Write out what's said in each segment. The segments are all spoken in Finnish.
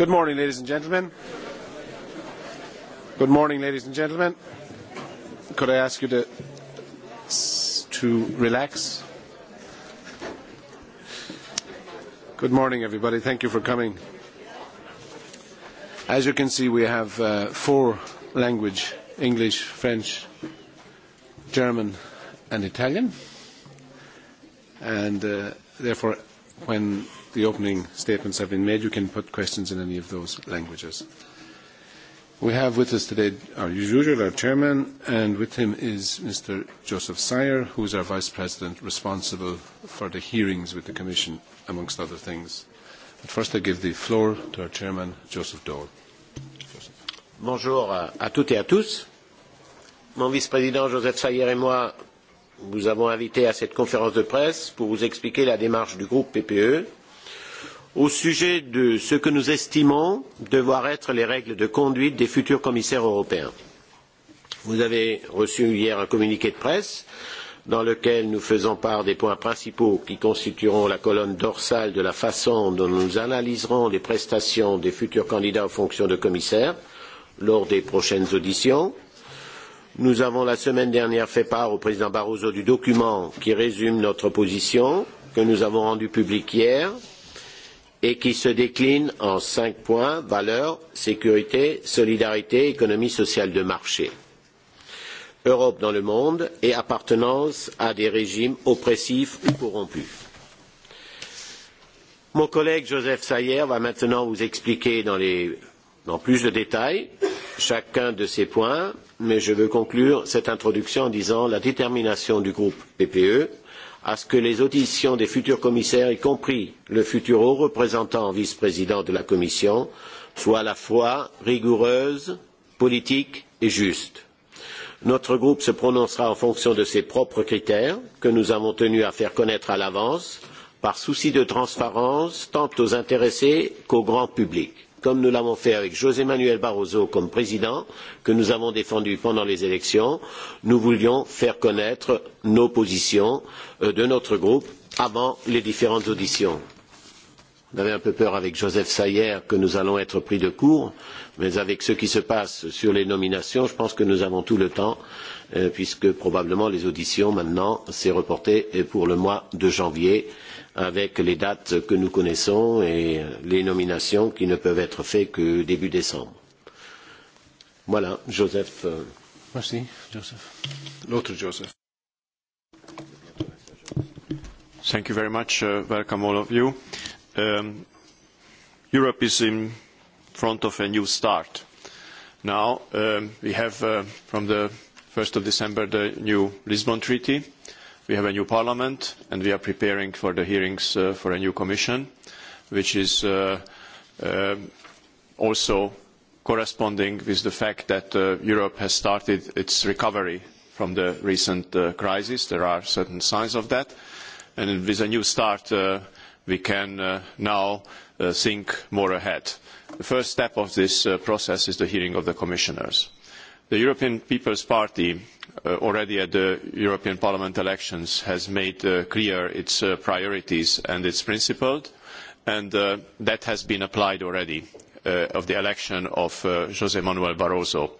Good morning, ladies and gentlemen. Good morning, ladies and gentlemen. Could I ask you to, to relax? Good morning, everybody. Thank you for coming. As you can see, we have uh, four language, English, French, German, and Italian. And uh, therefore, when the opening statements have been made, you can put questions in any of those languages. We have with us today, our usual, our chairman, and with him is Mr. Joseph Sayer, who is our vice president responsible for the hearings with the Commission, amongst other things. But first, I give the floor to our chairman, Joseph Dole. Bonjour à toutes et à tous. Mon vice-président Joseph Sayer et moi vous avons invité à cette conférence de presse pour vous expliquer la démarche du groupe PPE au sujet de ce que nous estimons devoir être les règles de conduite des futurs commissaires européens. Vous avez reçu hier un communiqué de presse dans lequel nous faisons part des points principaux qui constitueront la colonne dorsale de la façon dont nous analyserons les prestations des futurs candidats aux fonctions de commissaire lors des prochaines auditions. Nous avons la semaine dernière fait part au président Barroso du document qui résume notre position, que nous avons rendu public hier et qui se décline en cinq points valeurs, sécurité, solidarité, économie sociale de marché, Europe dans le monde et appartenance à des régimes oppressifs ou corrompus. Mon collègue Joseph Sayer va maintenant vous expliquer dans, les, dans plus de détails chacun de ces points, mais je veux conclure cette introduction en disant la détermination du groupe PPE à ce que les auditions des futurs commissaires, y compris le futur haut représentant vice-président de la Commission, soient à la fois rigoureuses, politiques et justes. Notre groupe se prononcera en fonction de ses propres critères, que nous avons tenu à faire connaître à l'avance, par souci de transparence tant aux intéressés qu'au grand public comme nous l'avons fait avec josé manuel barroso comme président que nous avons défendu pendant les élections nous voulions faire connaître nos positions euh, de notre groupe avant les différentes auditions. on avait un peu peur avec joseph sayer que nous allions être pris de court mais avec ce qui se passe sur les nominations je pense que nous avons tout le temps euh, puisque probablement les auditions maintenant sont reportées euh, pour le mois de janvier et avec les dates que nous connaissons et les nominations qui ne peuvent être faites que début décembre. Voilà, Joseph. Euh. Merci, Joseph. L'autre Joseph. Thank you very much. Uh, welcome all of you. Um, Europe is in front of a new start. Now um, we have uh, from the 1st of December the new Lisbon Treaty We have a new parliament, and we are preparing for the hearings uh, for a new commission, which is uh, uh, also corresponding with the fact that Europe has started its recovery from the recent crisis. There are certain signs of that. and With a new start, we can now think more ahead. The first step of this process is the hearing of the commissioners. The European People's Party uh, already at the European Parliament elections has made uh, clear its uh, priorities and its principles, and that has been applied already of the election of José Manuel Barroso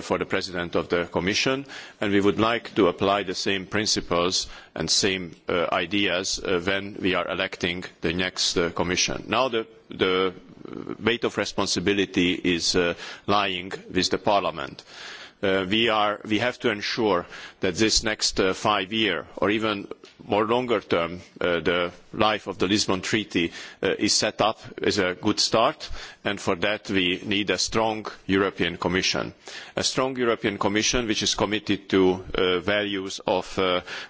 for the President of the Commission, and we would like to apply the same principles and same ideas when we are electing the next Commission. Now the the weight of responsibility is uh, lying with the parliament. Uh, we, are, we have to ensure that this next uh, five year or even more longer term, uh, the life of the Lisbon Treaty uh, is set up as a good start, and for that we need a strong European Commission. A strong European Commission which is committed to uh, values of,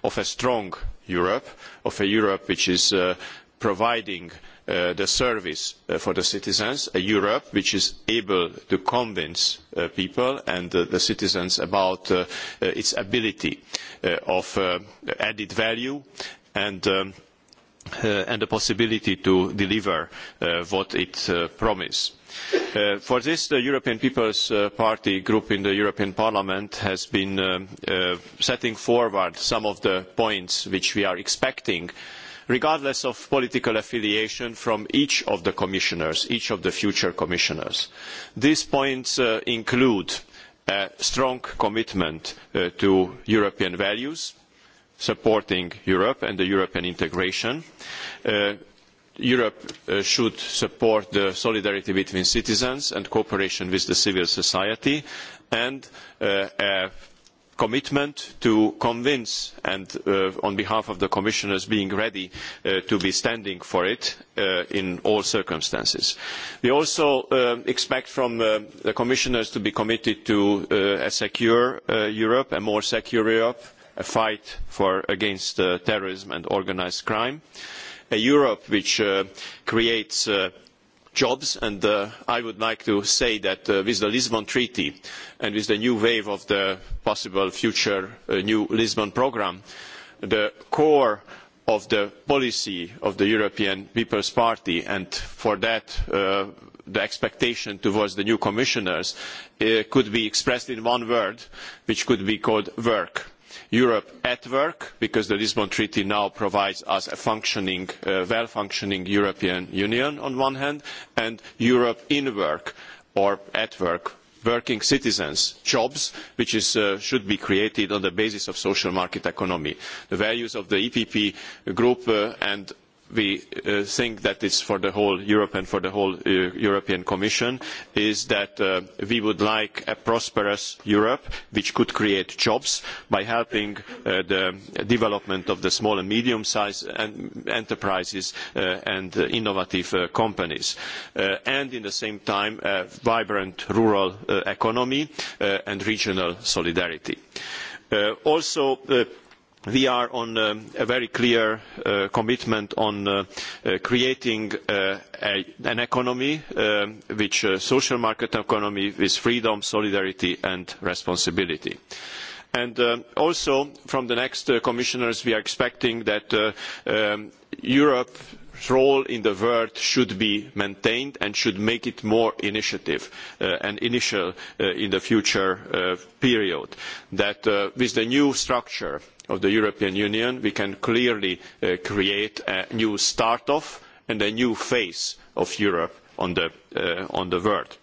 of, a strong Europe, of a Europe which is providing Uh, the service uh, for the citizens, a uh, Europe which is able to convince uh, people and the citizens about its ability of added value and, um, and the possibility to deliver what it promises. Uh, for this, the European People's uh, Party group in the European Parliament has been uh, setting forward some of the points which we are expecting regardless of political affiliation from each of the commissioners, each of the future commissioners. These points uh, include a strong commitment uh, to European values, supporting Europe and the European integration. Uh, Europe uh, should support the solidarity between citizens and cooperation with the civil society and uh, a commitment to convince and uh, on behalf of the commissioners being ready uh, to be standing for it uh, in all circumstances. We also uh, expect from uh, the commissioners to be committed to uh, a secure Europe, a more secure Europe, a fight for, against terrorism and organised crime, a Europe which creates jobs and uh, I would like to say that uh, with the Lisbon Treaty and with the new wave of the possible future uh, new Lisbon programme, the core of the policy of the European People's Party and for that uh, the expectation towards the new commissioners uh, could be expressed in one word which could be called work Europe at work, because the Lisbon Treaty now provides us a functioning, uh, well-functioning European Union on one hand, and Europe in work or at work, working citizens, jobs, which is, uh, should be created on the basis of social market economy. The values of the EPP group uh, and we uh, think that is for the whole Europe and for the whole uh, European Commission is that uh, we would like a prosperous Europe which could create jobs by helping the development of the small and medium-sized enterprises and innovative companies. and in the same time, a vibrant rural economy and regional solidarity. also, we are on um, a very clear uh, commitment on uh, uh, creating uh, a, an economy um, which a uh, social market economy with freedom solidarity and responsibility and um, also from the next uh, commissioners we are expecting that um, europe role in the world should be maintained and should make it more initiative uh, and initial uh, in the future uh, period. That uh, with the new structure of the European Union, we can clearly uh, create a new start-off and a new face of Europe on the, uh, on the world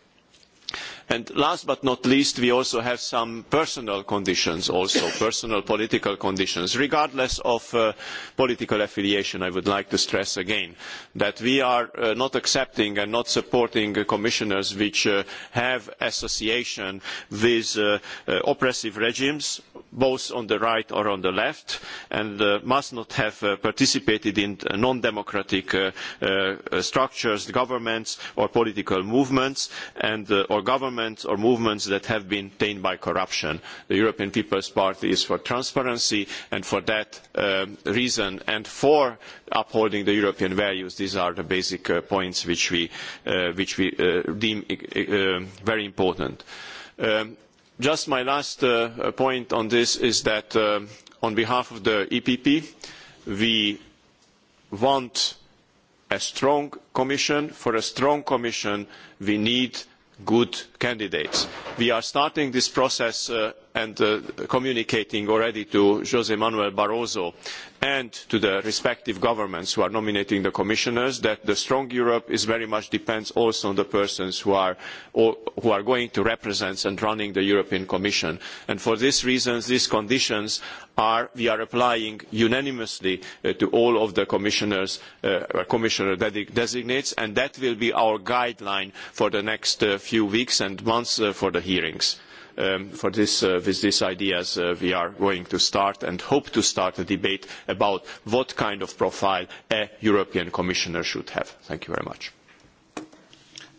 And last but not least, we also have some personal conditions, also personal political conditions, regardless of uh, political affiliation. I would like to stress again that we are uh, not accepting and not supporting uh, commissioners which uh, have association with uh, uh, oppressive regimes, both on the right or on the left, and uh, must not have uh, participated in uh, non-democratic uh, uh, structures, governments, or political movements, and uh, or governments governments or movements that have been tainted by corruption. The European People's Party is for transparency and for that um, reason and for upholding the European values, these are the basic uh, points which we, uh, which we uh, deem uh, um, very important. Um, just my last uh, uh, point on this is that um, on behalf of the EPP, we want a strong commission. For a strong commission, we need good candidates. We are starting this process uh, and uh, communicating already to Jose Manuel Barroso and to the respective governments who are nominating the commissioners that the strong Europe is very much depends also on the persons who are, or, who are going to represent and running the European Commission. And for these reasons, these conditions are, we are applying unanimously uh, to all of the commissioners, uh, commissioner designates, and that will be our guideline for the next uh, few weeks and months uh, for the hearings. Um, for this, uh, with these ideas uh, we are going to start and hope to start a debate about what kind of profile a European Commissioner should have. Thank you very much.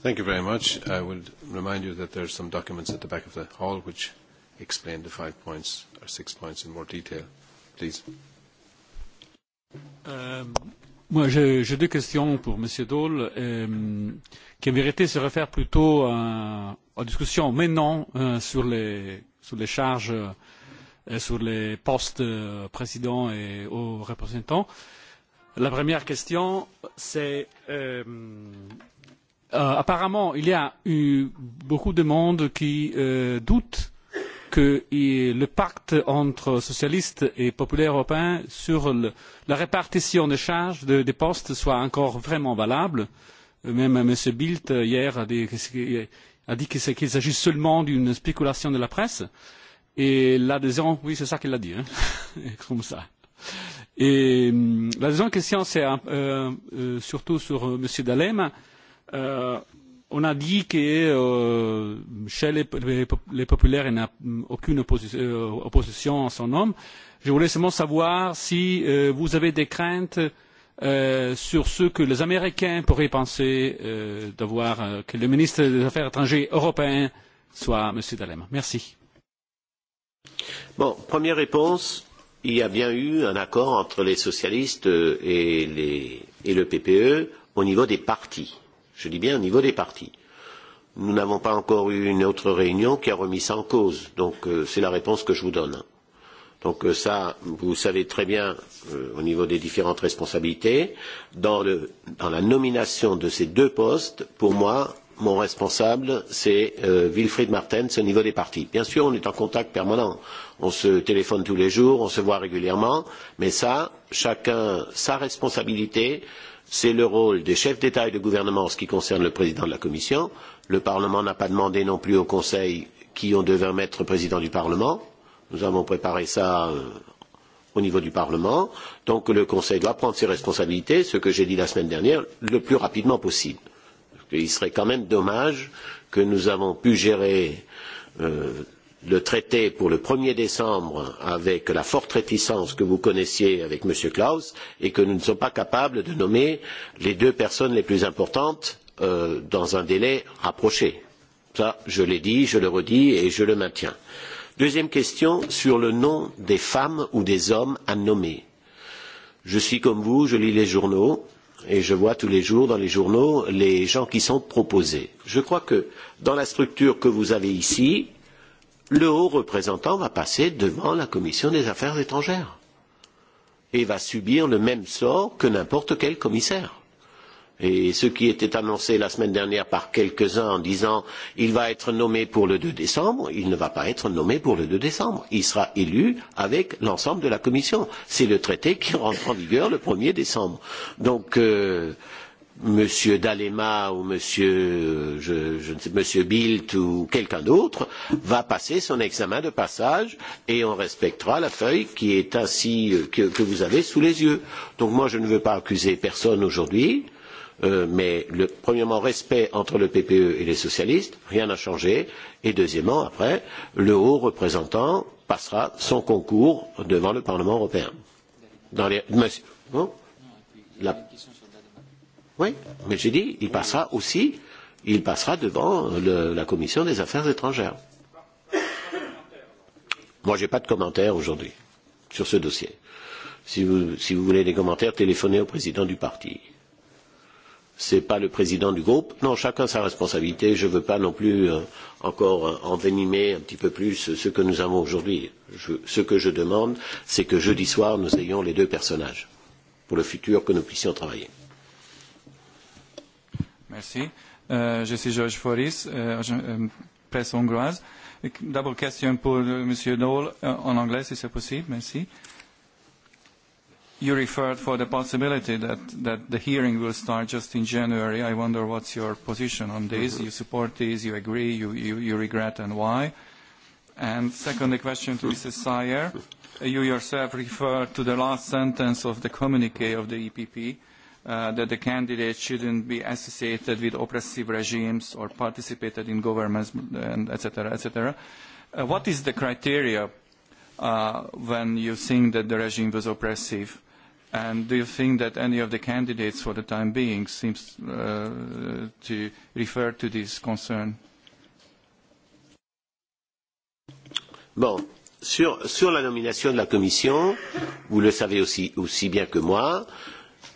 Thank you very much. I would remind you that there are some documents at the back of the hall which explain the five points or six points in more detail. Please. Um, Moi, j'ai deux questions pour M. Daul, euh, qui en vérité se réfèrent plutôt à, aux discussions maintenant euh, sur, les, sur les charges, et euh, sur les postes euh, président et aux représentants. La première question, c'est euh, euh, apparemment, il y a eu beaucoup de monde qui euh, doutent que le pacte entre socialistes et populaires européens sur la répartition des charges de, des postes soit encore vraiment valable. Euh, même M. Bildt euh, hier a dit, qu'il qu s'agit seulement d'une spéculation de la presse. Et l'adhésion, oui, c'est ça qu'il a dit, hein, comme ça. Et la deuxième question, c'est euh, surtout sur M. Dalema. Euh, on a dit que euh, chez les, les, les populaires, il n'y a aucune opposition, euh, opposition à son nom. Je voulais seulement savoir si euh, vous avez des craintes euh, sur ce que les Américains pourraient penser euh, d'avoir euh, que le ministre des Affaires étrangères européen soit M. Dalema. Merci. Bon, première réponse. Il y a bien eu un accord entre les socialistes euh, et, les, et le PPE au niveau des partis Je dis bien au niveau des partis. Nous n'avons pas encore eu une autre réunion qui a remis ça en cause. Donc euh, c'est la réponse que je vous donne. Donc euh, ça, vous savez très bien euh, au niveau des différentes responsabilités. Dans, le, dans la nomination de ces deux postes, pour moi, mon responsable, c'est euh, Wilfried Martens au niveau des partis. Bien sûr, on est en contact permanent. On se téléphone tous les jours, on se voit régulièrement, mais ça, chacun sa responsabilité. C'est le rôle des chefs d'État et de gouvernement en ce qui concerne le président de la Commission. Le Parlement n'a pas demandé non plus au Conseil qui on devait mettre président du Parlement. Nous avons préparé ça euh, au niveau du Parlement. Donc le Conseil doit prendre ses responsabilités, ce que j'ai dit la semaine dernière, le plus rapidement possible. Il serait quand même dommage que nous avons pu gérer euh, le traité pour le 1er décembre avec la forte réticence que vous connaissiez avec M. Klaus et que nous ne sommes pas capables de nommer les deux personnes les plus importantes euh, dans un délai rapproché. Ça, je l'ai dit, je le redis et je le maintiens. Deuxième question sur le nom des femmes ou des hommes à nommer. Je suis comme vous, je lis les journaux, et je vois tous les jours dans les journaux les gens qui sont proposés. Je crois que dans la structure que vous avez ici, le haut représentant va passer devant la commission des affaires étrangères et va subir le même sort que n'importe quel commissaire. Et ce qui était annoncé la semaine dernière par quelques-uns en disant il va être nommé pour le 2 décembre, il ne va pas être nommé pour le 2 décembre. Il sera élu avec l'ensemble de la commission. C'est le traité qui rentre en vigueur le 1er décembre. Donc, euh, Monsieur Dalema ou Monsieur, je, je ne sais, Monsieur Bilt ou quelqu'un d'autre va passer son examen de passage et on respectera la feuille qui est ainsi euh, que, que vous avez sous les yeux. Donc moi je ne veux pas accuser personne aujourd'hui. Euh, euh, mais le, premièrement, respect entre le PPE et les socialistes, rien n'a changé, et deuxièmement, après, le haut représentant passera son concours devant le Parlement européen. Dans les, monsieur, bon, la, oui, mais j'ai dit, il passera aussi, il passera devant le, la commission des affaires étrangères. Moi, je n'ai pas de commentaires aujourd'hui sur ce dossier. Si vous, si vous voulez des commentaires, téléphonez au président du parti n'est pas le président du groupe. Non, chacun sa responsabilité. Je ne veux pas non plus euh, encore euh, envenimer un petit peu plus ce que nous avons aujourd'hui. Ce que je demande, c'est que jeudi soir, nous ayons les deux personnages pour le futur que nous puissions travailler. Merci. Euh, je suis Georges Foris, euh, euh, presse hongroise. D'abord, question pour euh, M. Dole euh, en anglais, si c'est possible. Merci. Euh, you referred for the possibility that, that the hearing will start just in January. I wonder what's your position on this. Mm -hmm. You support this, you agree, you, you, you regret, and why? And secondly, question to Mrs. Sayer. You yourself referred to the last sentence of the communique of the EPP, uh, that the candidate shouldn't be associated with oppressive regimes or participated in governments, and et cetera, et cetera. Uh, what is the criteria uh, when you think that the regime was oppressive? And do you think that any of the candidates for the time being seems uh, to refer to this concern? Bon, sur, sur la nomination de la Commission, vous le savez aussi, aussi bien que moi,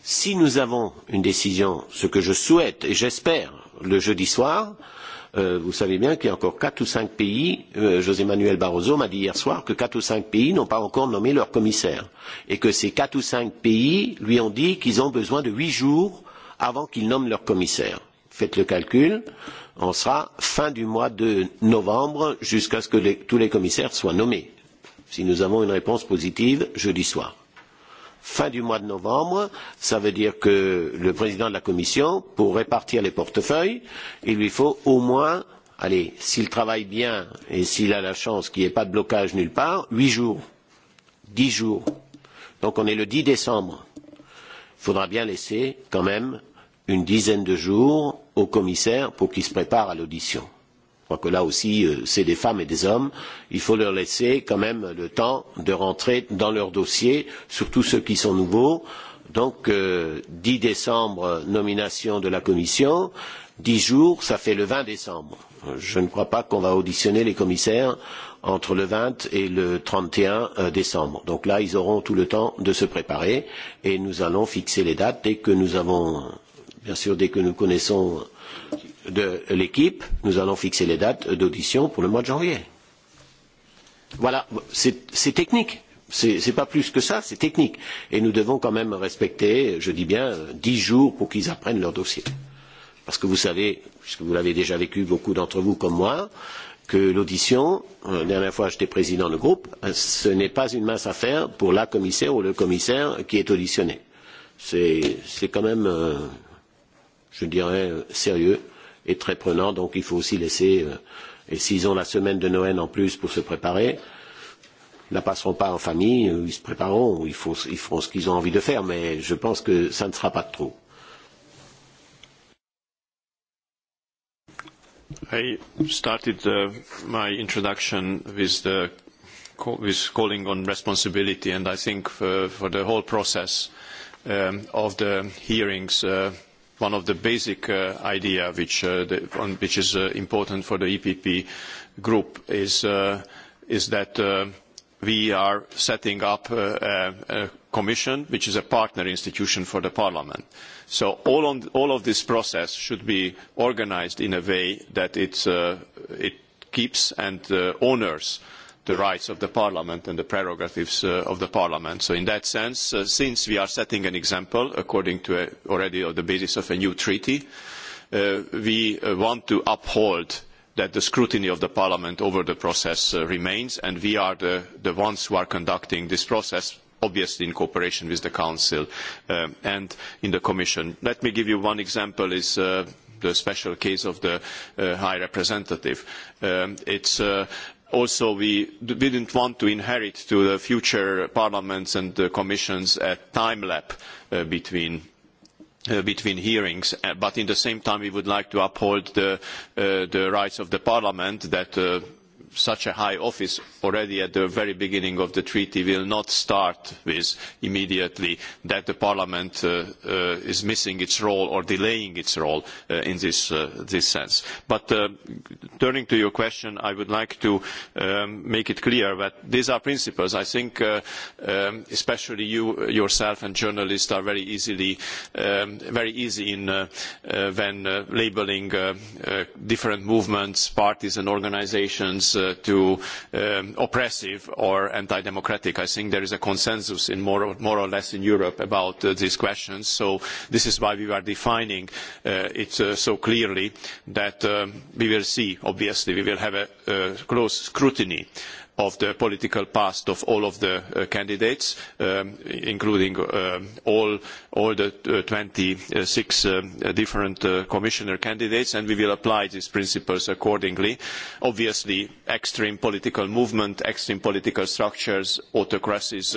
si nous avons une décision, ce que je souhaite et j'espère le jeudi soir, euh, Euh, vous savez bien qu'il y a encore quatre ou cinq pays, euh, José Manuel Barroso m'a dit hier soir que quatre ou cinq pays n'ont pas encore nommé leur commissaire et que ces quatre ou cinq pays lui ont dit qu'ils ont besoin de huit jours avant qu'ils nomment leur commissaire. Faites le calcul, on sera fin du mois de novembre jusqu'à ce que les, tous les commissaires soient nommés. Si nous avons une réponse positive jeudi soir fin du mois de novembre. Ça veut dire que le président de la Commission, pour répartir les portefeuilles, il lui faut au moins, allez, s'il travaille bien et s'il a la chance qu'il n'y ait pas de blocage nulle part, huit jours, dix jours. Donc on est le 10 décembre. Il faudra bien laisser quand même une dizaine de jours au commissaire pour qu'il se prépare à l'audition crois que là aussi, euh, c'est des femmes et des hommes. Il faut leur laisser quand même le temps de rentrer dans leur dossier, surtout ceux qui sont nouveaux. Donc, euh, 10 décembre, nomination de la Commission. 10 jours, ça fait le 20 décembre. Je ne crois pas qu'on va auditionner les commissaires entre le 20 et le 31 euh, décembre. Donc là, ils auront tout le temps de se préparer et nous allons fixer les dates dès que nous avons, bien sûr, dès que nous connaissons de l'équipe, nous allons fixer les dates d'audition pour le mois de janvier. Voilà, c'est technique. Ce n'est pas plus que ça, c'est technique. Et nous devons quand même respecter, je dis bien, dix jours pour qu'ils apprennent leur dossier. Parce que vous savez, puisque vous l'avez déjà vécu beaucoup d'entre vous comme moi, que l'audition, euh, la dernière fois j'étais président de groupe, euh, ce n'est pas une mince affaire pour la commissaire ou le commissaire qui est auditionné. C'est quand même, euh, je dirais, sérieux est très prenant, donc il faut aussi laisser, euh, et s'ils ont la semaine de Noël en plus pour se préparer, ils ne la passeront pas en famille, euh, ils se prépareront, ils, faut, ils feront ce qu'ils ont envie de faire, mais je pense que ça ne sera pas de trop. I started uh, my introduction with, the, with calling on responsibility, and I think for, for the whole process um, of the hearings, uh, one of the basic uh, idea which, uh, the, on, which is uh, important for the EPP group is, uh, is that uh, we are setting up uh, a, a, commission, which is a partner institution for the parliament. So all, on, all of this process should be organized in a way that it, uh, it keeps and uh, honors uh, the rights of the parliament and the prerogatives uh, of the parliament. So in that sense, uh, since we are setting an example according to a, uh, already on the basis of a new treaty, uh, we uh, want to uphold that the scrutiny of the parliament over the process uh, remains and we are the, the, ones who are conducting this process obviously in cooperation with the Council um, and in the Commission. Let me give you one example is the special case of the High Representative. Um, it's also we didn't want to inherit to the future parliaments and the uh, commissions a time lap uh, between uh, between hearings, uh, but in the same time we would like to uphold the, uh, the rights of the parliament that uh, such a high office already at the very beginning of the treaty will not start with immediately that the parliament uh, uh, is missing its role or delaying its role uh, in this, uh, this, sense. But uh, turning to your question, I would like to um, make it clear that these are principles. I think uh, um, especially you yourself and journalists are very easily um, very easy in when labeling different movements, parties and organizations uh, um, oppressive or anti-democratic. I think there is a consensus in more or, more or less in Europe about uh, these questions. So this is why we are defining uh, it uh, so clearly that um, we will see, obviously, we will have a uh, close scrutiny uh, of the political past of all of the uh, candidates, um, including uh, all, all the 26 uh, different commissioner candidates, and we will apply these principles accordingly. Obviously, extreme political movement, extreme political structures, autocracies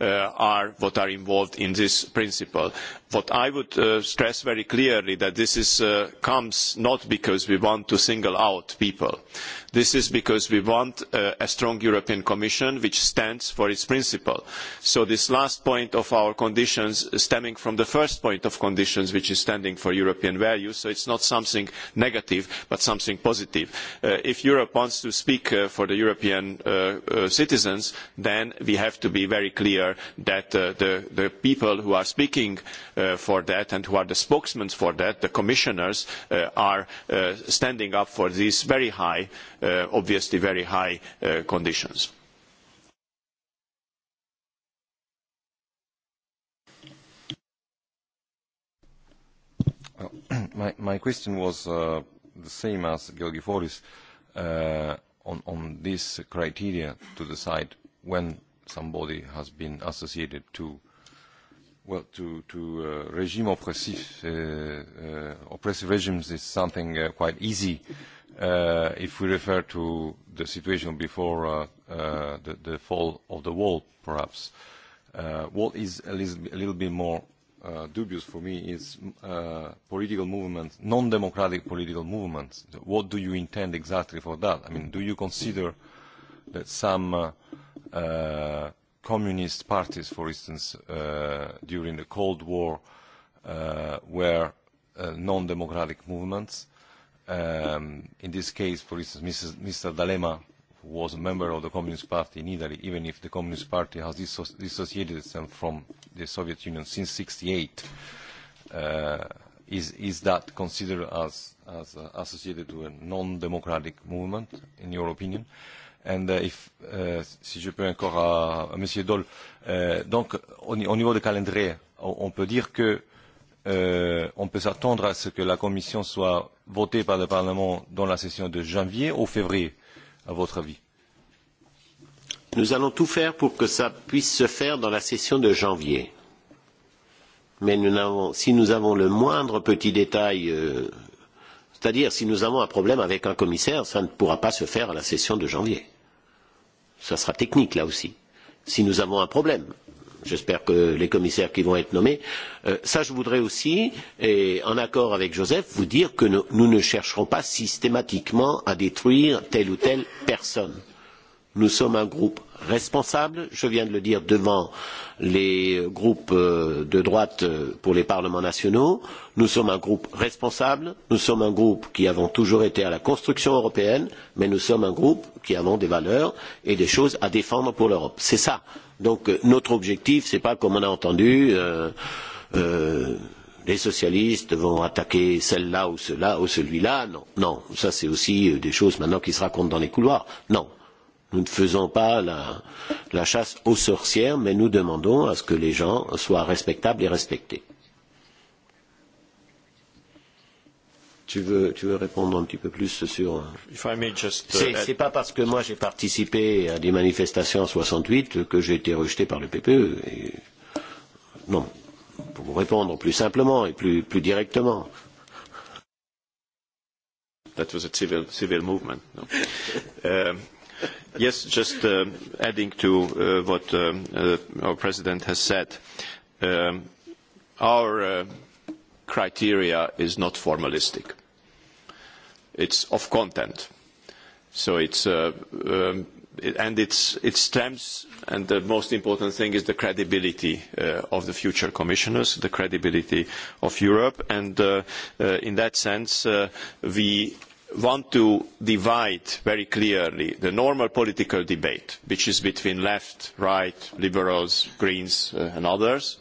are what are involved in this principle. What I would stress very clearly that this is, comes not because we want to single out people. This is because we want a strong strong European Commission which stands for its principle. So this last point of our conditions stemming from the first point of conditions which is standing for European values, so it's not something negative but something positive. Uh, if Europe wants to speak uh, for the European uh, uh citizens, then we have to be very clear that uh, the, the, people who are speaking uh, for that and who are the spokesmen for that, the commissioners, are standing up for these very high, obviously very high conditions conditions. my, my question was uh, the same as Georgiforis uh, on, on this criteria to decide when somebody has been associated to well to to uh, regime oppressive uh, uh, oppressive regimes is something uh, quite easy Uh, if we refer to the situation before uh, uh, the, fall of the wall, perhaps, what is a little, a little bit more dubious for me is political movements, non-democratic political movements. What do you intend exactly for that? I mean, do you consider that some communist parties, for instance, during the Cold War, were non-democratic movements? Um, in this case, for instance, Mrs., Mr. D'Alema, who was a member of the Communist Party in Italy, even if the Communist Party has disso dissociated itself from the Soviet Union since 68, uh, is, is that considered as, as uh, associated to a non-democratic movement, in your opinion? And uh, if, uh, si je peux encore à, à M. Dole, euh, donc au, au niveau de calendrier, on, on peut dire que euh, on peut s'attendre à ce que la Commission soit votée par le Parlement dans la session de janvier ou février, à votre avis Nous allons tout faire pour que ça puisse se faire dans la session de janvier. Mais nous avons, si nous avons le moindre petit détail, euh, c'est-à-dire si nous avons un problème avec un commissaire, ça ne pourra pas se faire à la session de janvier. Ça sera technique là aussi. Si nous avons un problème, j'espère que les commissaires qui vont être nommés. Euh, ça, je voudrais aussi, et en accord avec Joseph, vous dire que nous, nous ne chercherons pas systématiquement à détruire telle ou telle personne. Nous sommes un groupe responsable, je viens de le dire devant les groupes euh, de droite euh, pour les parlements nationaux. Nous sommes un groupe responsable, nous sommes un groupe qui avons toujours été à la construction européenne, mais nous sommes un groupe qui avons des valeurs et des choses à défendre pour l'Europe. C'est ça Donc euh, notre objectif, c'est pas comme on a entendu, euh, euh, les socialistes vont attaquer celle-là ou cela ou celui-là. Non, non, ça c'est aussi euh, des choses maintenant qui se racontent dans les couloirs. Non, nous ne faisons pas la, la chasse aux sorcières, mais nous demandons à ce que les gens soient respectables et respectés. Tu veux, tu veux répondre un petit peu plus sur. Euh, just... Uh, c'est, pas parce que moi j'ai participé à des manifestations en 68 que j'ai été rejeté par le PPE. Et... Non. Pour vous répondre plus simplement et plus, plus directement. That was a civil, civil movement. No? uh, yes, just uh, adding to uh, what um, uh, our president has said. Uh, our uh, criteria is not formalistic. It's of content. So it's, uh, um, it, and it's, it stems, and the most important thing is the credibility uh, of the future commissioners, the credibility of Europe, and uh, uh, in that sense uh, we want to divide very clearly the normal political debate, which is between left, right, liberals, greens, uh, and others,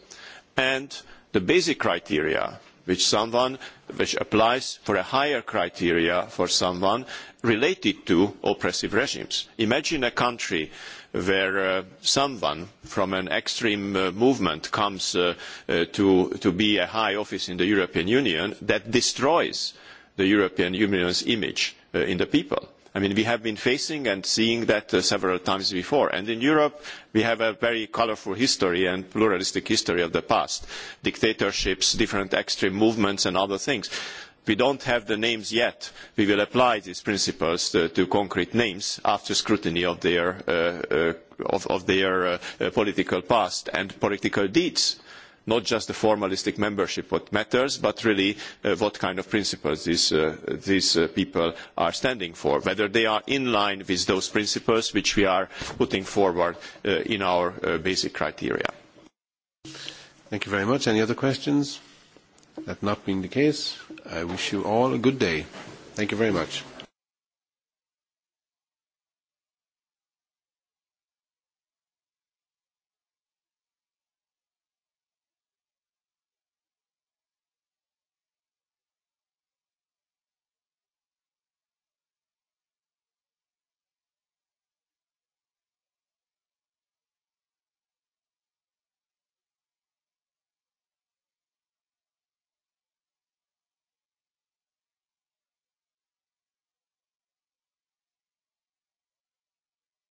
and the basic criteria which someone which applies for a higher criteria for someone related to oppressive regimes. Imagine a country where uh, someone from an extreme uh, movement comes uh, uh to, to be a high office in the European Union that destroys the European Union's image uh, in the people I mean, we have been facing and seeing that uh, several times before. And in Europe, we have a very colorful history and pluralistic history of the past, dictatorships, different extreme movements, and other things. We don't have the names yet. We will apply these principles to, to concrete names after scrutiny of their, uh, uh, of, of their uh, uh political past and political deeds. Uh, not just the formalistic membership what matters, but really uh, what kind of principles these, uh, these uh, people are standing for, whether they are in line with those principles which we are putting forward uh, in our uh, basic criteria. Thank you very much. Any other questions? That not being the case, I wish you all a good day. Thank you very much.